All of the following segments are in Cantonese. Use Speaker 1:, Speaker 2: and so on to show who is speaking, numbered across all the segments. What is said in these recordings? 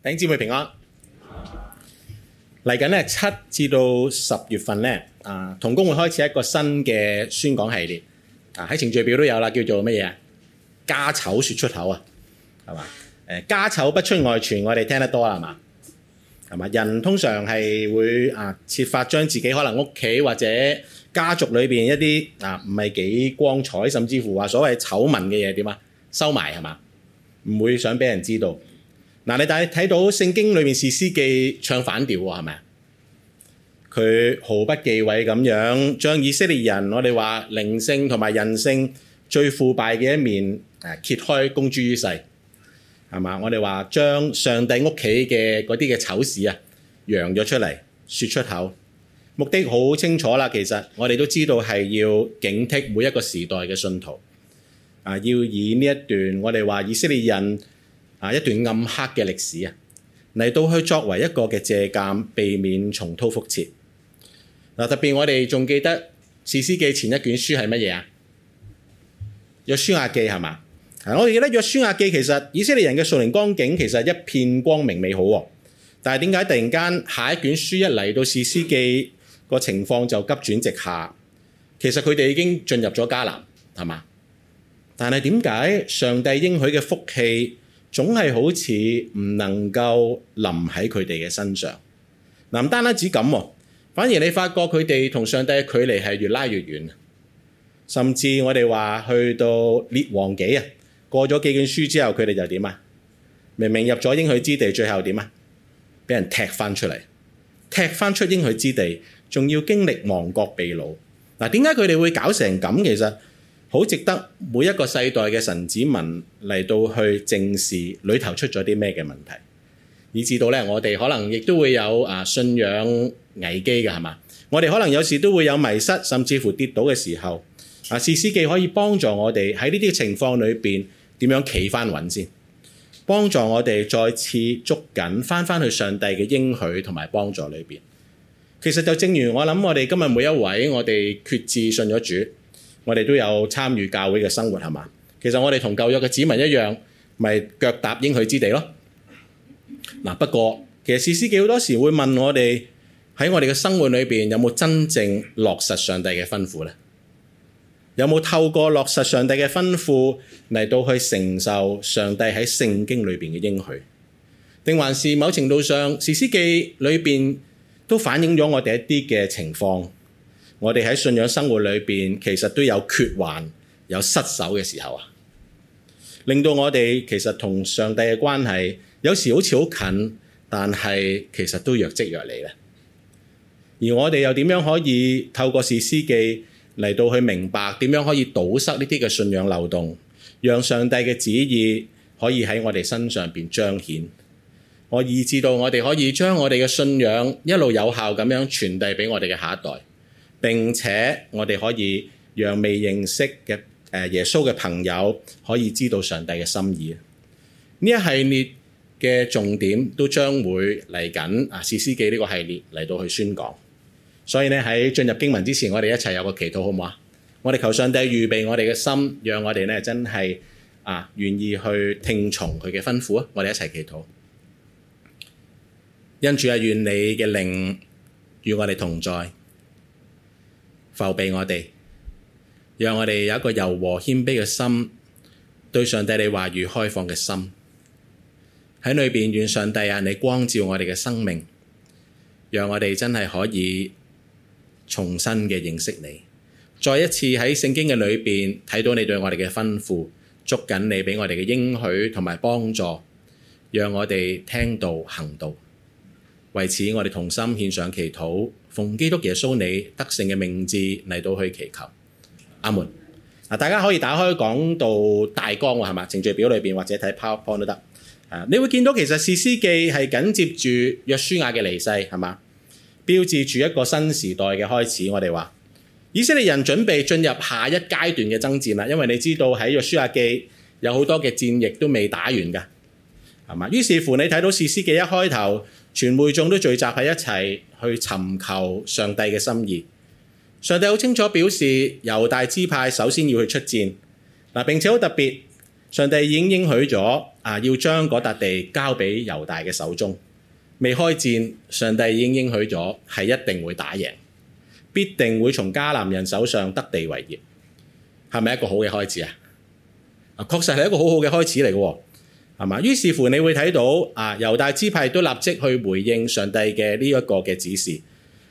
Speaker 1: 頂姊妹平安，嚟緊咧七至到十月份咧，啊，同工會開始一個新嘅宣講系列，啊，喺程序表都有啦，叫做乜嘢？家醜説出口啊，係嘛？誒，家醜不出外傳，我哋聽得多啦，係嘛？係嘛？人通常係會啊設法將自己可能屋企或者家族裏邊一啲啊唔係幾光彩，甚至乎話所謂醜聞嘅嘢點，啊收埋，係嘛？唔會想俾人知道。嗱，你睇到聖經裏面士師記唱反調喎，係咪啊？佢毫不忌諱咁樣，將以色列人，我哋話靈性同埋人性最腐敗嘅一面誒、啊，揭開公諸於世，係嘛？我哋話將上帝屋企嘅嗰啲嘅醜事啊，揚咗出嚟，說出口，目的好清楚啦。其實我哋都知道係要警惕每一個時代嘅信徒啊，要以呢一段我哋話以色列人。啊一段暗黑嘅歷史啊，嚟到去作為一個嘅借鑑，避免重蹈覆轍。嗱，特別我哋仲記得《士師記》前一卷書係乜嘢啊？約書亞記係嘛？我哋記得約書亞記其實以色列人嘅數年光景其實一片光明美好，但係點解突然間下一卷書一嚟到《士師記》個情況就急轉直下？其實佢哋已經進入咗迦南係嘛？但係點解上帝應許嘅福氣，總係好似唔能夠臨喺佢哋嘅身上，嗱、啊、唔單止咁，啊，反而你發覺佢哋同上帝嘅距離係越拉越遠，甚至我哋話去到列王紀啊，過咗幾卷書之後，佢哋就點啊？明明入咗應許之地，最後點啊？俾人踢翻出嚟，踢翻出應許之地，仲要經歷亡國被擄。嗱、啊，點解佢哋會搞成咁？其實？好值得每一個世代嘅神子民嚟到去正視裏頭出咗啲咩嘅問題，以至到咧我哋可能亦都會有啊信仰危機嘅係嘛，我哋可能有時都會有迷失，甚至乎跌倒嘅時候，啊，士師記可以幫助我哋喺呢啲情況裏邊點樣企翻穩先，幫助我哋再次捉緊翻翻去上帝嘅應許同埋幫助裏邊。其實就正如我諗，我哋今日每一位，我哋決志信咗主。我哋都有參與教會嘅生活，係嘛？其實我哋同舊約嘅子民一樣，咪腳踏應許之地咯。嗱，不過其實士師記好多時會問我哋喺我哋嘅生活裏邊有冇真正落實上帝嘅吩咐咧？有冇透過落實上帝嘅吩咐嚟到去承受上帝喺聖經裏邊嘅應許？定還是某程度上士師記裏邊都反映咗我哋一啲嘅情況？我哋喺信仰生活裏邊，其實都有缺患、有失守嘅時候啊，令到我哋其實同上帝嘅關係有時好似好近，但係其實都若即若離咧。而我哋又點樣可以透過士師記嚟到去明白點樣可以堵塞呢啲嘅信仰漏洞，讓上帝嘅旨意可以喺我哋身上邊彰顯。我以致到我哋可以將我哋嘅信仰一路有效咁樣傳遞俾我哋嘅下一代。並且我哋可以讓未認識嘅誒耶穌嘅朋友可以知道上帝嘅心意。呢一系列嘅重點都將會嚟緊啊，士師記呢個系列嚟到去宣講，所以呢，喺進入經文之前，我哋一齊有個祈禱好唔好啊？我哋求上帝預備我哋嘅心，讓我哋呢真係啊願意去聽從佢嘅吩咐啊！我哋一齊祈禱，因主啊願你嘅靈與我哋同在。浮畀我哋，讓我哋有一個柔和謙卑嘅心，對上帝你話語開放嘅心，喺裏邊願上帝啊，你光照我哋嘅生命，讓我哋真係可以重新嘅認識你，再一次喺聖經嘅裏邊睇到你對我哋嘅吩咐，捉緊你畀我哋嘅應許同埋幫助，讓我哋聽道行道。為此，我哋同心獻上祈禱，奉基督耶穌你得勝嘅名字嚟到去祈求，阿門。嗱，大家可以打開講道大綱喎，係嘛？程序表裏邊或者睇 PowerPoint 都得。啊，你會見到其實《士師記》係緊接住約書亞嘅離世，係嘛？標誌住一個新時代嘅開始。我哋話以色列人準備進入下一階段嘅征戰啦，因為你知道喺約書亞記有好多嘅戰役都未打完噶，係嘛？於是乎，你睇到《士師記》一開頭。全會眾都聚集喺一齊去尋求上帝嘅心意。上帝好清楚表示，猶大支派首先要去出戰。嗱，啊，並且好特別，上帝已經應許咗啊，要將嗰笪地交俾猶大嘅手中。未開戰，上帝已經應許咗，係一定會打贏，必定會從迦南人手上得地為業。係咪一個好嘅開始啊？啊，確實係一個好好嘅開始嚟嘅啊。係嘛？於是乎你會睇到啊，猶大支派都立即去回應上帝嘅呢一個嘅指示。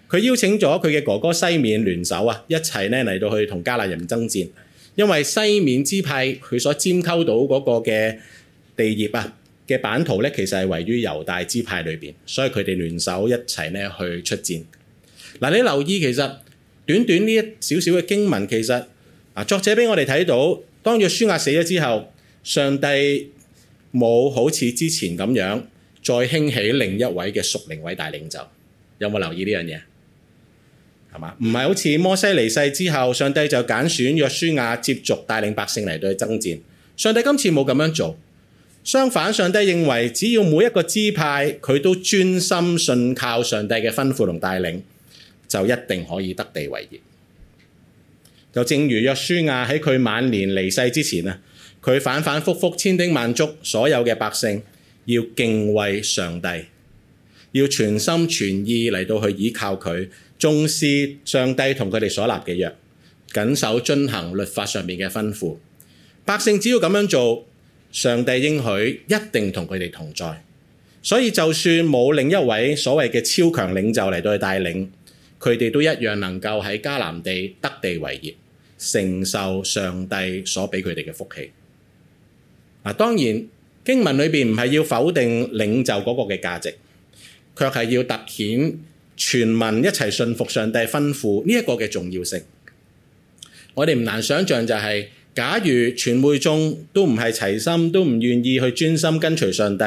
Speaker 1: 佢邀請咗佢嘅哥哥西緬聯手啊，一齊咧嚟到去同迦南人爭戰。因為西緬支派佢所佔溝到嗰個嘅地業啊嘅版圖咧，其實係位於猶大支派裏邊，所以佢哋聯手一齊咧去出戰。嗱、啊，你留意其實短短呢一少少嘅經文，其實啊作者俾我哋睇到，當約書亞死咗之後，上帝，冇好似之前咁樣再興起另一位嘅屬靈偉大領袖，有冇留意呢樣嘢？係嘛？唔係好似摩西離世之後，上帝就揀選約書亞接續帶領百姓嚟對佢征戰。上帝今次冇咁樣做，相反，上帝認為只要每一個支派佢都專心信靠上帝嘅吩咐同帶領，就一定可以得地為業。就正如約書亞喺佢晚年離世之前啊。佢反反覆覆千叮萬囑，所有嘅百姓要敬畏上帝，要全心全意嚟到去倚靠佢，重視上帝同佢哋所立嘅約，謹守遵行律法上面嘅吩咐。百姓只要咁樣做，上帝應許一定同佢哋同在。所以就算冇另一位所謂嘅超強領袖嚟到去帶領，佢哋都一樣能夠喺迦南地得地為業，承受上帝所畀佢哋嘅福氣。嗱，當然經文裏邊唔係要否定領袖嗰個嘅價值，卻係要凸顯全民一齊信服上帝吩咐呢一個嘅重要性。我哋唔難想象就係、是，假如全會眾都唔係齊心，都唔願意去專心跟隨上帝，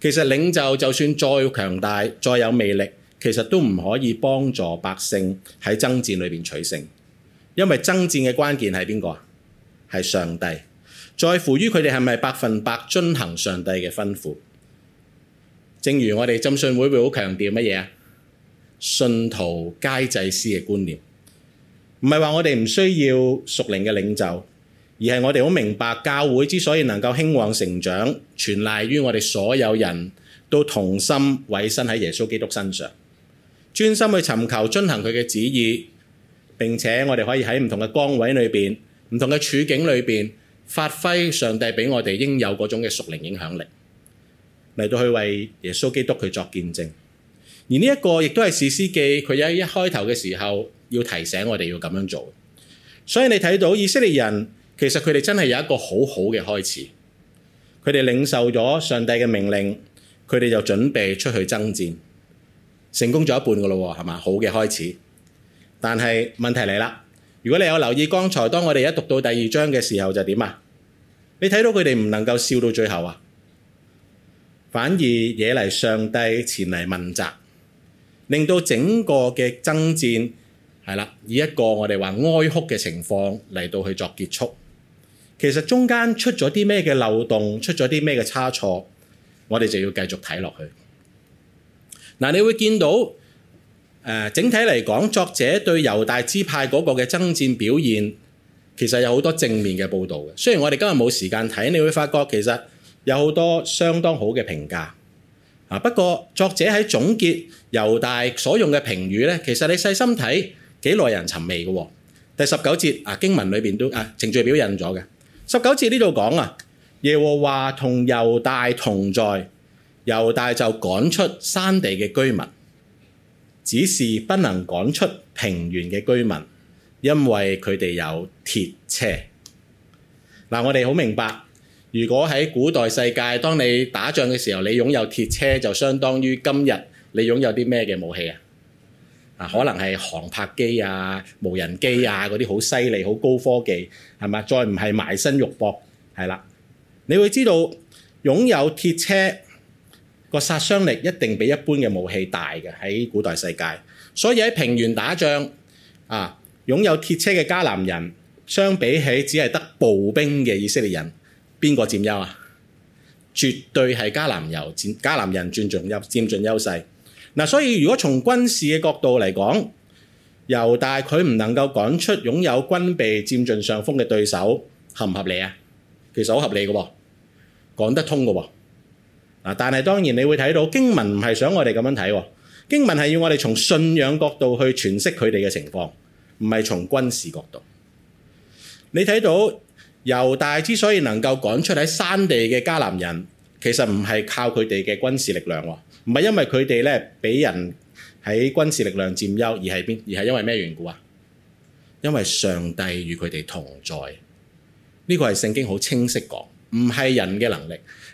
Speaker 1: 其實領袖就算再強大，再有魅力，其實都唔可以幫助百姓喺爭戰裏邊取勝。因為爭戰嘅關鍵係邊個啊？係上帝。在乎於佢哋係咪百分百遵行上帝嘅吩咐，正如我哋浸信會會好強調乜嘢啊？信徒皆祭司嘅觀念，唔係話我哋唔需要屬靈嘅領袖，而係我哋好明白教會之所以能夠興旺成長，全賴於我哋所有人都同心委身喺耶穌基督身上，專心去尋求遵行佢嘅旨意。並且我哋可以喺唔同嘅崗位裏邊、唔同嘅處境裏邊，發揮上帝畀我哋應有嗰種嘅屬靈影響力，嚟到去為耶穌基督佢作見證。而呢一個亦都係士師記佢喺一開頭嘅時候要提醒我哋要咁樣做。所以你睇到以色列人其實佢哋真係有一個好好嘅開始，佢哋領受咗上帝嘅命令，佢哋就準備出去征戰，成功咗一半噶咯，係嘛，好嘅開始。但係問題嚟啦。如果你有留意，剛才當我哋一讀到第二章嘅時候，就點啊？你睇到佢哋唔能夠笑到最後啊，反而惹嚟上帝前嚟問責，令到整個嘅爭戰係啦，以一個我哋話哀哭嘅情況嚟到去作結束。其實中間出咗啲咩嘅漏洞，出咗啲咩嘅差錯，我哋就要繼續睇落去。嗱，你會見到。整體嚟講，作者對猶大支派嗰個嘅爭戰表現，其實有好多正面嘅報導嘅。雖然我哋今日冇時間睇，你會發覺其實有好多相當好嘅評價。不過作者喺總結猶大所用嘅評語咧，其實你細心睇幾耐人尋味嘅。第十九節啊，經文裏邊都啊程序表印咗嘅。啊，十九節呢度講啊，耶和華同猶大同在，猶大就趕出山地嘅居民。只是不能趕出平原嘅居民，因為佢哋有鐵車。嗱、啊，我哋好明白，如果喺古代世界，當你打仗嘅時候，你擁有鐵車，就相當於今日你擁有啲咩嘅武器啊？可能係航拍機啊、無人機啊嗰啲好犀利、好高科技，係咪？再唔係埋身肉搏，係啦。你會知道擁有鐵車。個殺傷力一定比一般嘅武器大嘅，喺古代世界，所以喺平原打仗啊，擁有鐵車嘅迦南人相比起只係得步兵嘅以色列人，邊個佔優啊？絕對係迦南由迦南人佔盡優占盡優勢。嗱，所以如果從軍事嘅角度嚟講，猶大佢唔能夠趕出擁有軍備佔盡上風嘅對手，合唔合理啊？其實好合理嘅，講得通嘅。但係當然你會睇到經文唔係想我哋咁樣睇，經文係、哦、要我哋從信仰角度去詮釋佢哋嘅情況，唔係從軍事角度。你睇到猶大之所以能夠趕出喺山地嘅迦南人，其實唔係靠佢哋嘅軍事力量，哦，唔係因為佢哋咧俾人喺軍事力量佔優，而係邊而係因為咩緣故啊？因為上帝與佢哋同在，呢個係聖經好清晰講，唔係人嘅能力。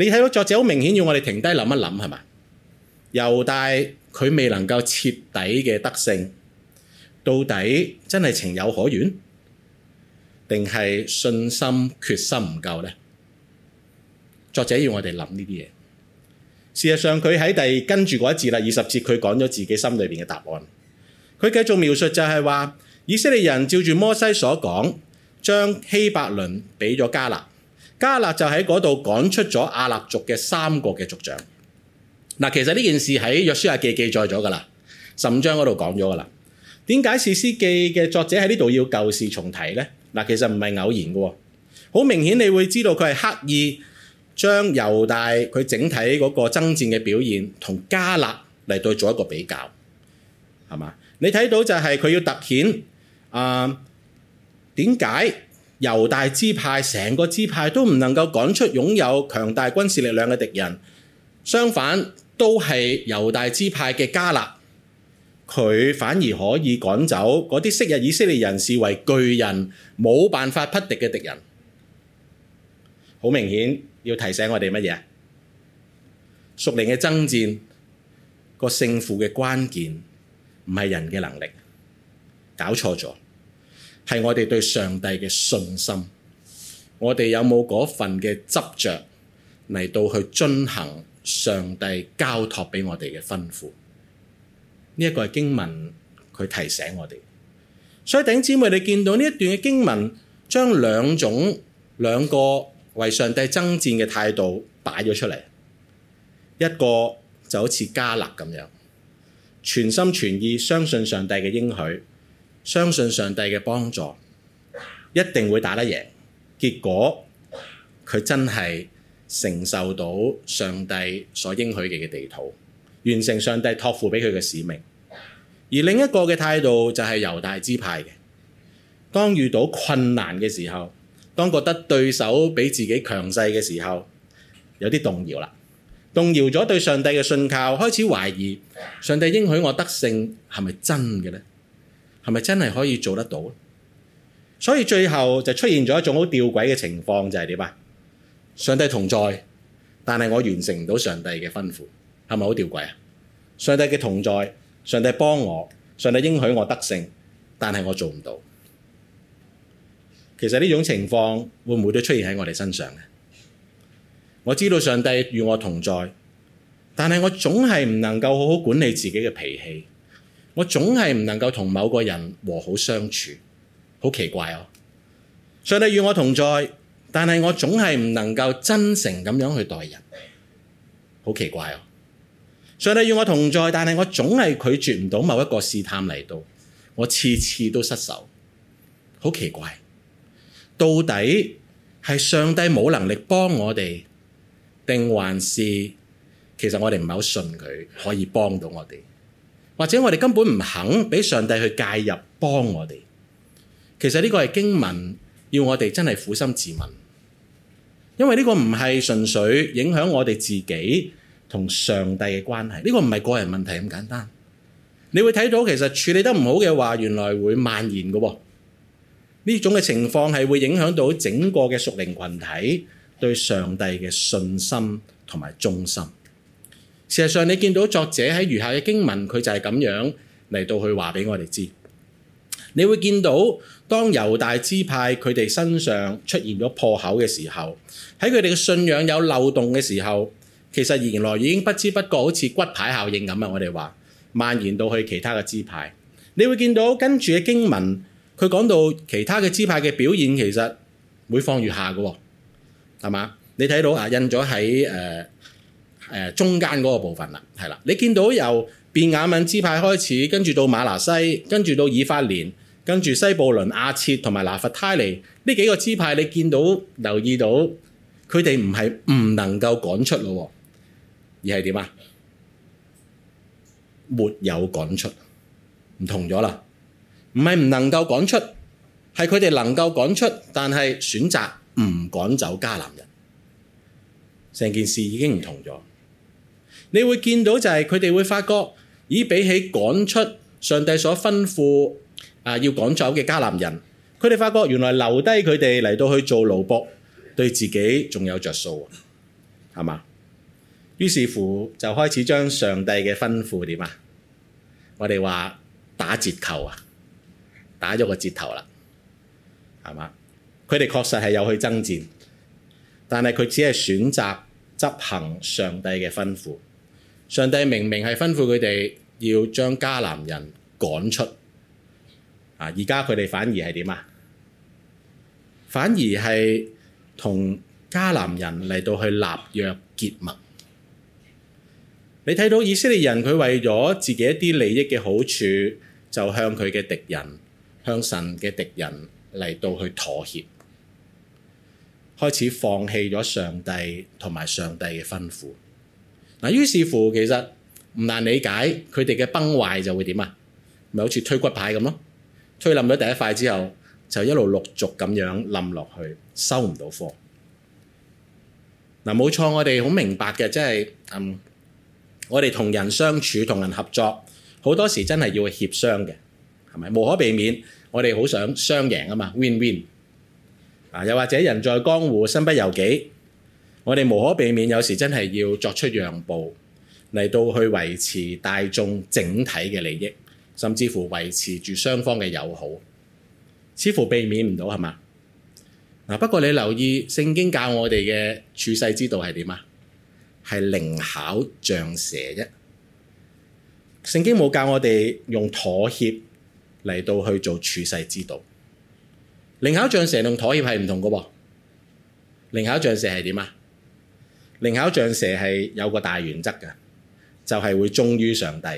Speaker 1: 你睇到作者好明顯要我哋停低諗一諗，係嘛？猶大佢未能夠徹底嘅得勝，到底真係情有可原，定係信心決心唔夠咧？作者要我哋諗呢啲嘢。事實上 2,，佢喺第跟住嗰一節啦，二十節佢講咗自己心裏邊嘅答案。佢繼續描述就係話，以色列人照住摩西所講，將希伯倫俾咗迦勒。加勒就喺嗰度趕出咗亞衲族嘅三個嘅族長。嗱，其實呢件事喺約書亞記記載咗㗎喇，十五章嗰度講咗㗎喇。點解士師記嘅作者喺呢度要舊事重提咧？嗱，其實唔係偶然嘅，好明顯你會知道佢係刻意將猶大佢整體嗰個爭戰嘅表現同加勒嚟對做一個比較，係嘛？你睇到就係佢要突顯啊，呃，點解？猶大支派成個支派都唔能夠趕出擁有強大軍事力量嘅敵人，相反都係猶大支派嘅加勒，佢反而可以趕走嗰啲昔日以色列人視為巨人冇辦法匹敵嘅敵人。好明顯要提醒我哋乜嘢？屬靈嘅爭戰個勝負嘅關鍵唔係人嘅能力，搞錯咗。係我哋對上帝嘅信心，我哋有冇嗰份嘅執着嚟到去遵行上帝交託畀我哋嘅吩咐？呢、這、一個係經文佢提醒我哋。所以頂姊妹，你見到呢一段嘅經文，將兩種兩個為上帝爭戰嘅態度擺咗出嚟，一個就好似迦勒咁樣，全心全意相信上帝嘅應許。相信上帝嘅幫助，一定會打得贏。結果佢真係承受到上帝所應許嘅嘅地土，完成上帝託付俾佢嘅使命。而另一個嘅態度就係猶大支派嘅。當遇到困難嘅時候，當覺得對手比自己強勢嘅時候，有啲動搖啦，動搖咗對上帝嘅信靠，開始懷疑上帝應許我得勝係咪真嘅呢？係咪真係可以做得到？所以最後就出現咗一種好吊詭嘅情況，就係點啊？上帝同在，但係我完成唔到上帝嘅吩咐，係咪好吊詭啊？上帝嘅同在，上帝幫我，上帝應許我得勝，但係我做唔到。其實呢種情況會唔會都出現喺我哋身上咧？我知道上帝與我同在，但係我總係唔能夠好好管理自己嘅脾氣。我總係唔能夠同某個人和好相處，好奇怪啊！上帝與我同在，但係我總係唔能夠真誠咁樣去待人，好奇怪啊！上帝與我同在，但係我總係拒絕唔到某一個試探嚟到，我次次都失手，好奇怪！到底係上帝冇能力幫我哋，定還是其實我哋唔係好信佢可以幫到我哋？或者我哋根本唔肯俾上帝去介入幫我哋，其實呢個係經文要我哋真係苦心自問，因為呢個唔係純粹影響我哋自己同上帝嘅關係，呢個唔係個人問題咁簡單。你會睇到其實處理得唔好嘅話，原來會蔓延㗎喎，呢種嘅情況係會影響到整個嘅屬靈群體對上帝嘅信心同埋忠心。事實上，你見到作者喺餘下嘅經文，佢就係咁樣嚟到去話俾我哋知。你會見到，當猶大支派佢哋身上出現咗破口嘅時候，喺佢哋嘅信仰有漏洞嘅時候，其實原來已經不知不覺好似骨牌效應咁啊！我哋話蔓延到去其他嘅支派。你會見到跟住嘅經文，佢講到其他嘅支派嘅表現，其實每況愈下嘅，係嘛？你睇到啊，印咗喺誒。呃誒，中間嗰個部分啦，係啦，你見到由便雅憫支派開始，跟住到瑪拿西，跟住到以法蓮，跟住西布倫、亞設同埋拿弗泰尼呢幾個支派，你見到留意到佢哋唔係唔能夠趕出咯，而係點啊？沒有趕出，唔同咗啦，唔係唔能夠趕出，係佢哋能夠趕出，但係選擇唔趕走迦南人，成件事已經唔同咗。你會見到就係佢哋會發覺，咦，比起趕出上帝所吩咐啊，要趕走嘅迦南人，佢哋發覺原來留低佢哋嚟到去，做奴僕，對自己仲有着數啊，係嘛？於是乎就開始將上帝嘅吩咐點啊？我哋話打折扣啊，打咗個折頭啦，係嘛？佢哋確實係有去爭戰，但係佢只係選擇執行上帝嘅吩咐。上帝明明係吩咐佢哋要將迦南人趕出，啊！而家佢哋反而係點啊？反而係同迦南人嚟到去立約結盟。你睇到以色列人，佢為咗自己一啲利益嘅好處，就向佢嘅敵人、向神嘅敵人嚟到去妥協，開始放棄咗上帝同埋上帝嘅吩咐。嗱，於是乎其實唔難理解佢哋嘅崩壞就會點啊？咪好似推骨牌咁咯，推冧咗第一塊之後，就一路陸續咁樣冧落去，收唔到貨。嗱，冇錯，我哋好明白嘅，即係嗯，我哋同人相處、同人合作，好多時真係要協商嘅，係咪？無可避免，我哋好想雙贏啊嘛，win win。嗱，又或者人在江湖，身不由己。我哋無可避免，有時真係要作出讓步嚟到去維持大眾整體嘅利益，甚至乎維持住雙方嘅友好，似乎避免唔到係嘛？嗱、啊，不過你留意聖經教我哋嘅處世之道係點啊？係靈巧像蛇啫。聖經冇教我哋用妥協嚟到去做處世之道。靈巧像蛇同妥協係唔同噶噃。靈巧像蛇係點啊？靈巧像蛇係有個大原則㗎，就係會忠於上帝，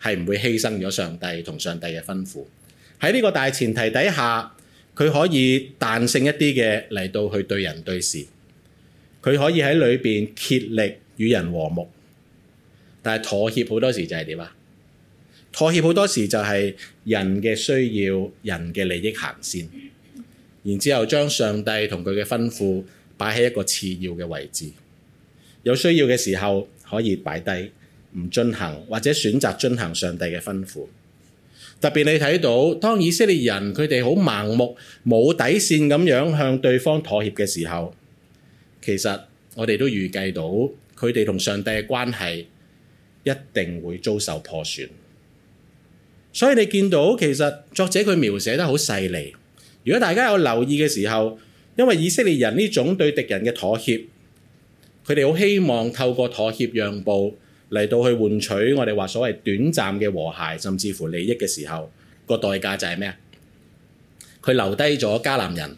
Speaker 1: 係唔會犧牲咗上帝同上帝嘅吩咐。喺呢個大前提底下，佢可以彈性一啲嘅嚟到去對人對事。佢可以喺裏邊竭力與人和睦，但係妥協好多時就係點啊？妥協好多時就係人嘅需要、人嘅利益行先，然之後將上帝同佢嘅吩咐擺喺一個次要嘅位置。有需要嘅時候可以擺低，唔進行，或者選擇進行上帝嘅吩咐。特別你睇到，當以色列人佢哋好盲目、冇底線咁樣向對方妥協嘅時候，其實我哋都預計到，佢哋同上帝嘅關係一定會遭受破損。所以你見到，其實作者佢描寫得好細膩。如果大家有留意嘅時候，因為以色列人呢種對敵人嘅妥協。佢哋好希望透過妥協讓步嚟到去換取我哋話所謂短暫嘅和諧，甚至乎利益嘅時候，個代價就係咩？佢留低咗迦南人，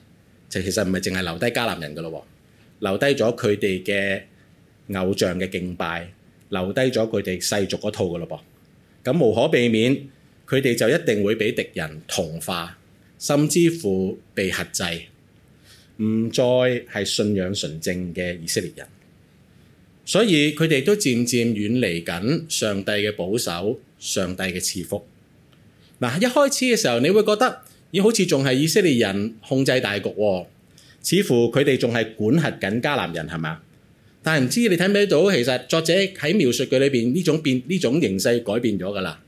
Speaker 1: 就其實唔係淨係留低迦南人㗎喇，留低咗佢哋嘅偶像嘅敬拜，留低咗佢哋世俗嗰套㗎喇噃。咁無可避免，佢哋就一定會俾敵人同化，甚至乎被轄制，唔再係信仰純正嘅以色列人。所以佢哋都漸漸遠離緊上帝嘅保守、上帝嘅賜福。嗱、啊，一開始嘅時候，你會覺得咦？好似仲係以色列人控制大局，啊，似乎佢哋仲係管轄緊迦南人，係嘛？但係唔知你睇唔睇到，其實作者喺描述佢裏邊呢種變，呢種形勢改變咗噶啦，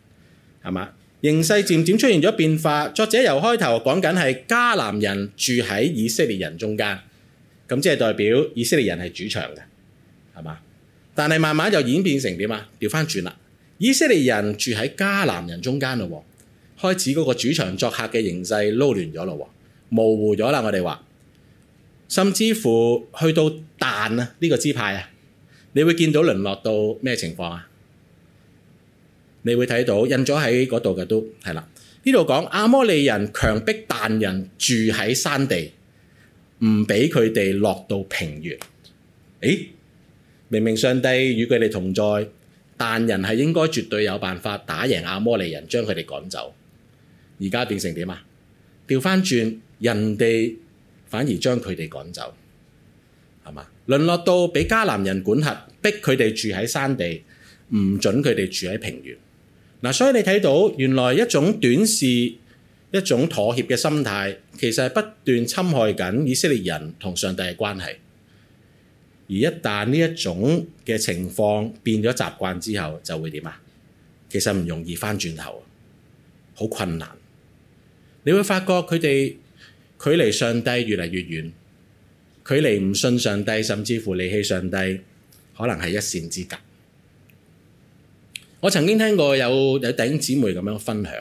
Speaker 1: 係嘛？形勢漸漸出現咗變化。作者由開頭講緊係迦南人住喺以色列人中間，咁即係代表以色列人係主場嘅，係嘛？但係慢慢就演變成點啊？調翻轉啦！以色列人住喺迦南人中間咯，開始嗰個主場作客嘅形勢撈亂咗咯，模糊咗啦。我哋話，甚至乎去到但啊呢個支派啊，你會見到淪落到咩情況啊？你會睇到印咗喺嗰度嘅都係啦。呢度講亞摩利人強迫但人住喺山地，唔俾佢哋落到平原。誒？明明上帝與佢哋同在，但人係應該絕對有辦法打贏亞摩利人，將佢哋趕走。而家變成點啊？調返轉，人哋反而將佢哋趕走，係嘛？淪落到俾迦南人管轄，逼佢哋住喺山地，唔准佢哋住喺平原。嗱，所以你睇到原來一種短視、一種妥協嘅心態，其實係不斷侵害緊以色列人同上帝嘅關係。而一旦呢一種嘅情況變咗習慣之後，就會點啊？其實唔容易返轉頭，好困難。你會發覺佢哋距離上帝越嚟越遠，距離唔信上帝，甚至乎離棄上帝，可能係一線之隔。我曾經聽過有有頂姊妹咁樣分享，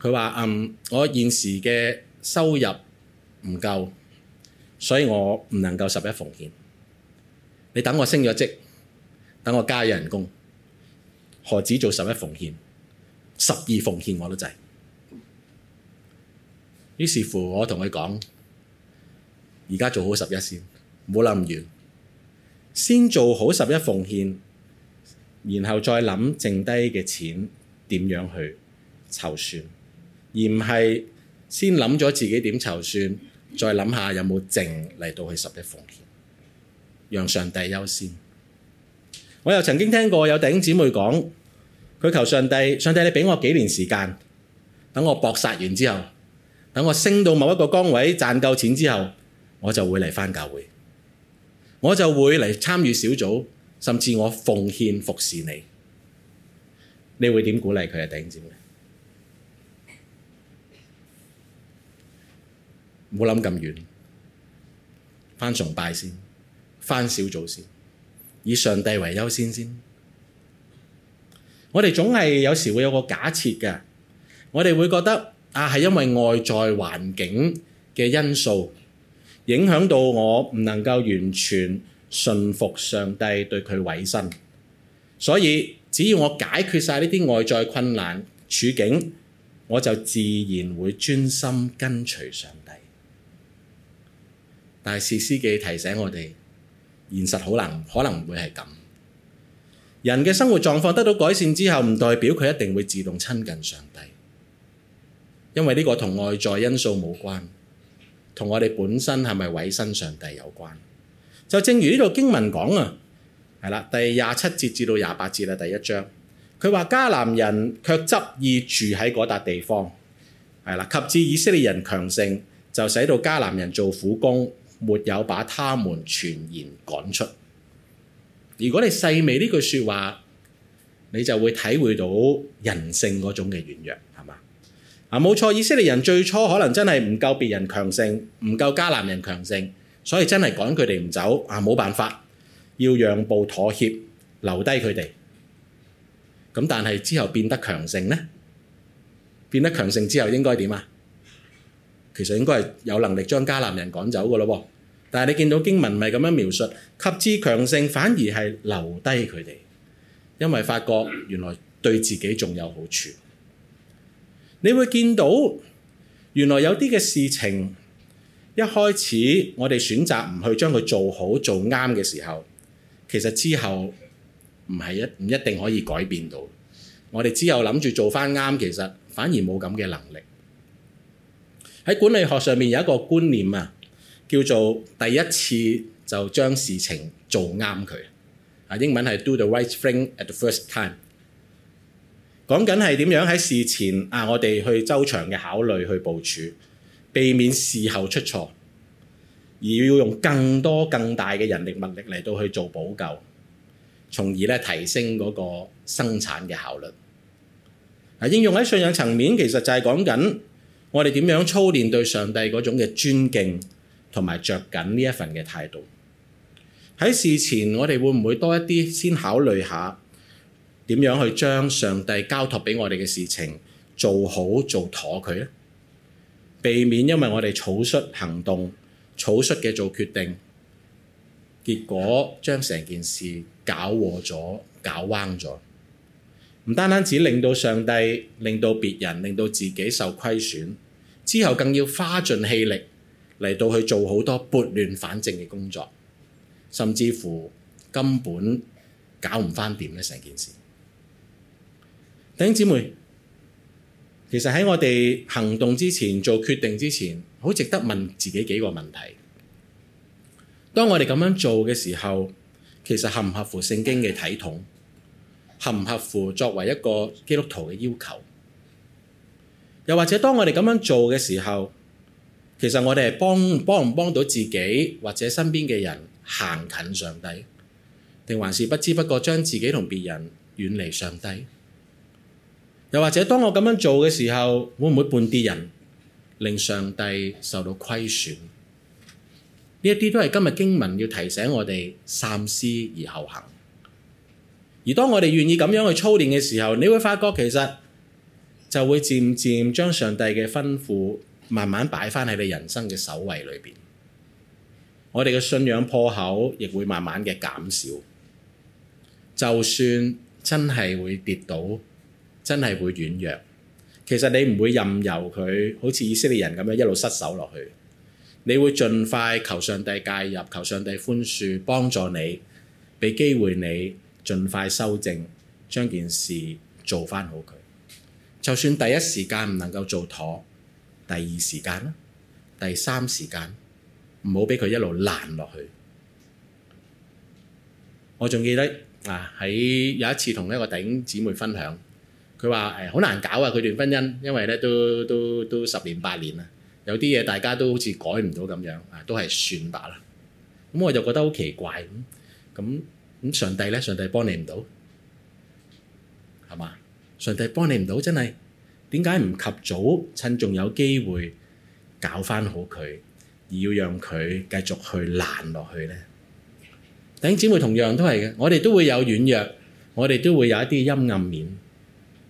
Speaker 1: 佢話：嗯，我現時嘅收入唔夠，所以我唔能夠十一奉獻。你等我升咗職，等我加咗人工，何止做十一奉獻？十二奉獻我都制。於是乎我，我同佢講：而家做好十一先，唔好諗完，先做好十一奉獻，然後再諗剩低嘅錢點樣去籌算，而唔係先諗咗自己點籌算，再諗下有冇剩嚟到去十一奉獻。讓上帝優先。我又曾經聽過有弟兄姊妹講，佢求上帝，上帝你畀我幾年時間，等我搏殺完之後，等我升到某一個崗位賺夠錢之後，我就會嚟翻教會，我就會嚟參與小組，甚至我奉獻服侍你。你會點鼓勵佢啊？弟兄姊妹，冇諗咁遠，翻崇拜先。翻小組先，以上帝為優先先。我哋總係有時會有個假設嘅，我哋會覺得啊，係因為外在環境嘅因素影響到我，唔能夠完全信服上帝對佢委身，所以只要我解決晒呢啲外在困難處境，我就自然會專心跟隨上帝。但係，士師記提醒我哋。現實可能可能會係咁，人嘅生活狀況得到改善之後，唔代表佢一定會自動親近上帝，因為呢個同外在因素冇關，同我哋本身係咪委身上帝有關。就正如呢度經文講啊，係啦，第廿七節至到廿八節啦，第一章，佢話迦南人卻執意住喺嗰笪地方，係啦，及至以色列人強盛，就使到迦南人做苦工。沒有把他們全然趕出。如果你細味呢句説話，你就會體會到人性嗰種嘅軟弱，係嘛？啊，冇錯，以色列人最初可能真係唔夠別人強盛，唔夠迦南人強盛，所以真係趕佢哋唔走啊，冇辦法要讓步妥協，留低佢哋。咁但係之後變得強盛呢？變得強盛之後應該點啊？其實應該係有能力將迦南人趕走噶咯，但係你見到經文咪咁樣描述，及之強盛反而係留低佢哋，因為發覺原來對自己仲有好處。你會見到原來有啲嘅事情，一開始我哋選擇唔去將佢做好做啱嘅時候，其實之後唔係一唔一定可以改變到。我哋之後諗住做返啱，其實反而冇咁嘅能力。喺管理學上面有一個觀念啊，叫做第一次就將事情做啱佢。啊，英文係 do the right thing at the first time。講緊係點樣喺事前啊，我哋去周詳嘅考慮去部署，避免事後出錯，而要用更多更大嘅人力物力嚟到去做補救，從而咧提升嗰個生產嘅效率。啊，應用喺信仰層面，其實就係講緊。我哋點樣操練對上帝嗰種嘅尊敬同埋着緊呢一份嘅態度？喺事前我哋會唔會多一啲先考慮下點樣去將上帝交託畀我哋嘅事情做好做妥佢咧？避免因為我哋草率行動、草率嘅做決定，結果將成件事搞禍咗、搞彎咗。唔單單只令到上帝、令到別人、令到自己受虧損，之後更要花盡氣力嚟到去做好多撥亂反正嘅工作，甚至乎根本搞唔翻掂呢成件事。弟兄姊妹，其實喺我哋行動之前、做決定之前，好值得問自己幾個問題。當我哋咁樣做嘅時候，其實合唔合乎聖經嘅體統？合唔合乎作為一個基督徒嘅要求？又或者當我哋咁樣做嘅時候，其實我哋係幫幫唔幫到自己或者身邊嘅人行近上帝，定還是不知不覺將自己同別人遠離上帝？又或者當我咁樣做嘅時候，會唔會半啲人令上帝受到虧損？呢一啲都係今日經文要提醒我哋三思而後行。而當我哋願意咁樣去操練嘅時候，你會發覺其實就會漸漸將上帝嘅吩咐慢慢擺翻喺你人生嘅首位裏邊。我哋嘅信仰破口亦會慢慢嘅減少。就算真係會跌倒，真係會軟弱，其實你唔會任由佢好似以色列人咁樣一路失手落去。你會盡快求上帝介入，求上帝寬恕，幫助你，畀機會你。盡快修正，將件事做返好佢。就算第一時間唔能夠做妥，第二時間啦，第三時間唔好俾佢一路爛落去。我仲記得啊，喺有一次同一個弟兄姊妹分享，佢話誒好難搞啊，佢段婚姻，因為咧都都都十年八年啦，有啲嘢大家都好似改唔到咁樣啊，都係算吧啦。咁我就覺得好奇怪咁咁。咁上帝咧，上帝幫你唔到，係嘛？上帝幫你唔到，真係點解唔及早趁仲有機會搞翻好佢，而要讓佢繼續去爛落去呢？弟兄姊妹同樣都係嘅，我哋都會有軟弱，我哋都會有一啲陰暗面，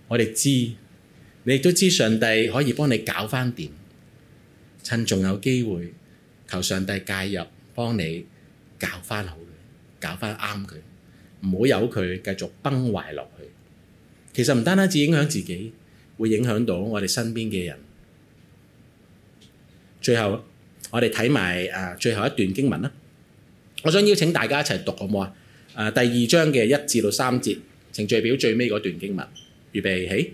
Speaker 1: 我哋知，你亦都知上帝可以幫你搞翻掂，趁仲有機會求上帝介入幫你搞翻好。搞翻啱佢，唔好由佢繼續崩壞落去。其實唔單單只影響自己，會影響到我哋身邊嘅人。最後，我哋睇埋誒最後一段經文啦。我想邀請大家一齊讀好唔好啊？誒第二章嘅一至到三節，程序表最尾嗰段經文，預備起。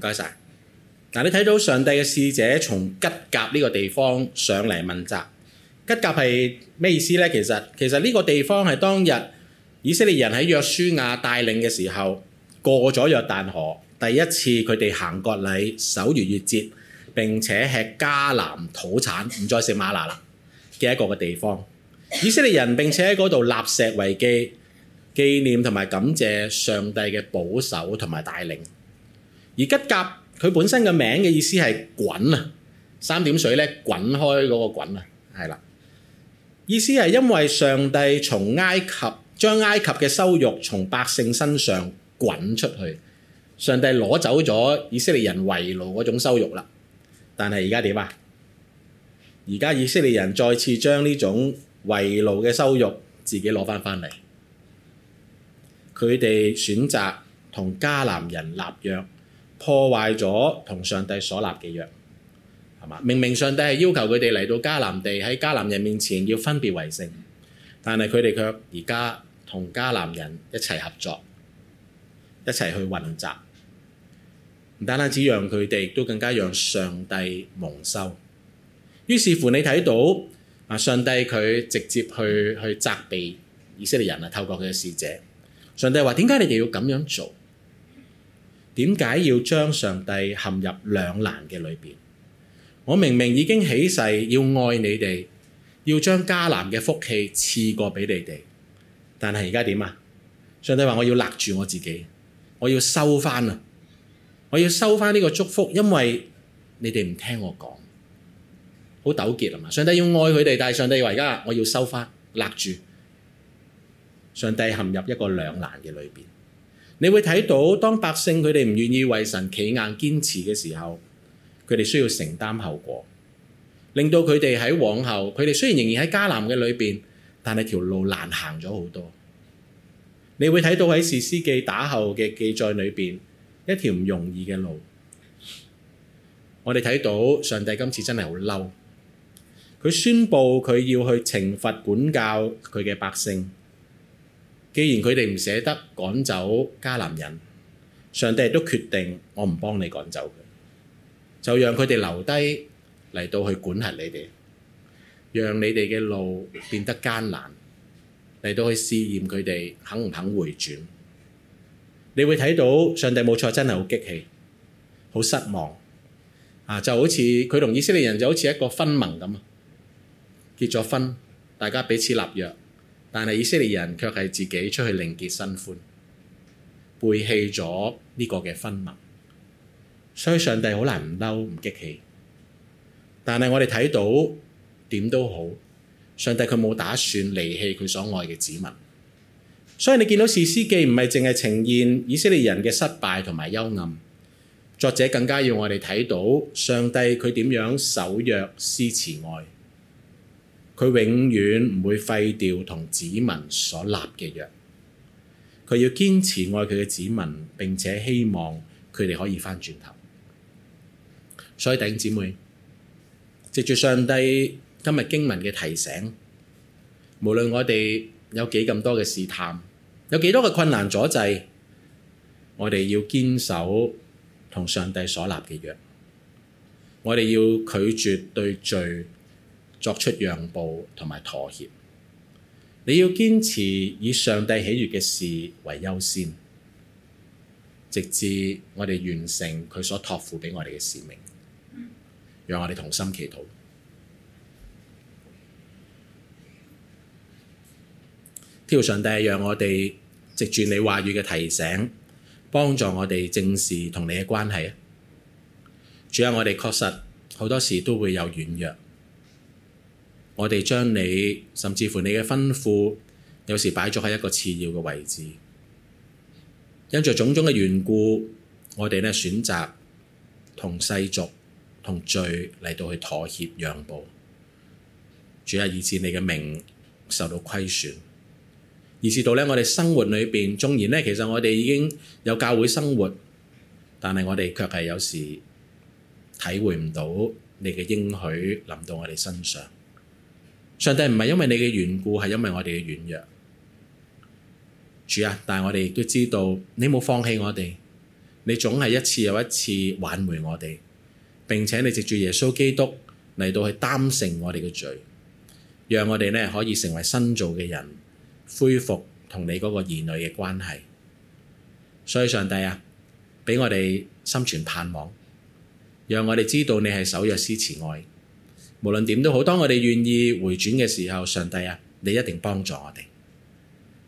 Speaker 1: 唔該曬。嗱，你睇到上帝嘅使者從吉甲呢個地方上嚟問責。吉甲係咩意思呢？其實其實呢個地方係當日以色列人喺約書亞帶領嘅時候過咗約旦河，第一次佢哋行割禮、守逾越節，並且吃迦南土產，唔再食嗎哪啦嘅一個嘅地方。以色列人並且喺嗰度立石為記，紀念同埋感謝上帝嘅保守同埋帶領。而吉甲佢本身嘅名嘅意思係滾啊，三點水咧滾開嗰個滾啊，係啦，意思係因為上帝從埃及，將埃及嘅羞辱從百姓身上滾出去，上帝攞走咗以色列人為奴嗰種羞辱啦。但係而家點啊？而家以色列人再次將呢種為奴嘅羞辱自己攞翻翻嚟，佢哋選擇同迦南人立約，破壞咗同上帝所立嘅約，明明上帝係要求佢哋嚟到迦南地喺迦南人面前要分別為聖，但係佢哋卻而家同迦南人一齊合作，一齊去混雜，唔單單止讓佢哋，亦都更加讓上帝蒙羞。於是乎，你睇到啊，上帝佢直接去去責備以色列人啊，透過佢嘅使者，上帝話：點解你哋要咁樣做？點解要將上帝陷入兩難嘅裏邊？我明明已經起誓要愛你哋，要將迦南嘅福氣賜過俾你哋，但係而家點啊？上帝話我要勒住我自己，我要收翻，啊，我要收翻呢個祝福，因為你哋唔聽我講，好糾結啊嘛？上帝要愛佢哋，但係上帝話而家我要收翻勒住，上帝陷入一個兩難嘅裏邊。你會睇到，當百姓佢哋唔願意為神企硬堅持嘅時候，佢哋需要承擔後果，令到佢哋喺往後，佢哋雖然仍然喺迦南嘅裏邊，但係條路難行咗好多。你會睇到喺士師記打後嘅記載裏邊，一條唔容易嘅路。我哋睇到上帝今次真係好嬲，佢宣布佢要去懲罰管教佢嘅百姓。既然佢哋唔捨得趕走迦南人，上帝亦都決定我唔幫你趕走佢，就讓佢哋留低嚟到去管轄你哋，讓你哋嘅路變得艱難，嚟到去試驗佢哋肯唔肯回轉。你會睇到上帝冇錯，真係好激氣，好失望啊！就好似佢同以色列人就好似一個婚盟咁啊，結咗婚，大家彼此立約。但係以色列人卻係自己出去另結新歡，背棄咗呢個嘅婚盟，所以上帝好難唔嬲唔激氣。但係我哋睇到點都好，上帝佢冇打算離棄佢所愛嘅子民。所以你見到士師記唔係淨係呈現以色列人嘅失敗同埋幽暗，作者更加要我哋睇到上帝佢點樣守約施慈愛。佢永遠唔會廢掉同子民所立嘅約，佢要堅持愛佢嘅子民，並且希望佢哋可以翻轉頭。所以弟兄姊妹，借住上帝今日經文嘅提醒，無論我哋有幾咁多嘅試探，有幾多嘅困難阻滯，我哋要堅守同上帝所立嘅約，我哋要拒絕對罪。作出讓步同埋妥協，你要堅持以上帝喜悅嘅事為優先，直至我哋完成佢所託付畀我哋嘅使命。讓我哋同心祈禱。天父上帝，讓我哋藉住你話語嘅提醒，幫助我哋正視同你嘅關係啊！主啊，我哋確實好多時都會有軟弱。我哋將你甚至乎你嘅吩咐，有時擺咗喺一個次要嘅位置，因著種種嘅緣故，我哋咧選擇同世俗同罪嚟到去妥協讓步，主啊，以致你嘅名受到虧損，以致到咧我哋生活裏面，縱然咧其實我哋已經有教會生活，但係我哋卻係有時體會唔到你嘅應許臨到我哋身上。上帝唔係因為你嘅緣故，係因為我哋嘅軟弱，主啊！但係我哋亦都知道，你冇放棄我哋，你總係一次又一次挽回我哋，並且你藉住耶穌基督嚟到去擔承我哋嘅罪，讓我哋呢可以成為新造嘅人，恢復同你嗰個兒女嘅關係。所以上帝啊，畀我哋心存盼望，讓我哋知道你係守約施慈愛。無論點都好，當我哋願意回轉嘅時候，上帝啊，你一定幫助我哋。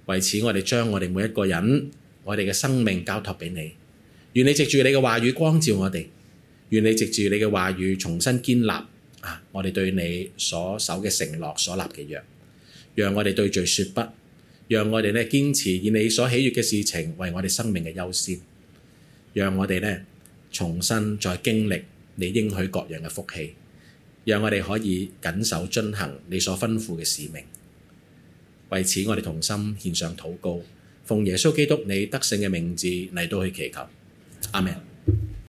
Speaker 1: 為此，我哋將我哋每一個人，我哋嘅生命交託俾你。願你藉住你嘅話語光照我哋，願你藉住你嘅話語重新建立啊！我哋對你所守嘅承諾，所立嘅約，讓我哋對罪說不，讓我哋咧堅持以你所喜悦嘅事情為我哋生命嘅優先，讓我哋咧重新再經歷你應許各樣嘅福氣。讓我哋可以緊守遵行你所吩咐嘅使命。為此，我哋同心獻上禱告，奉耶穌基督你得勝嘅名字嚟到去祈求。阿明。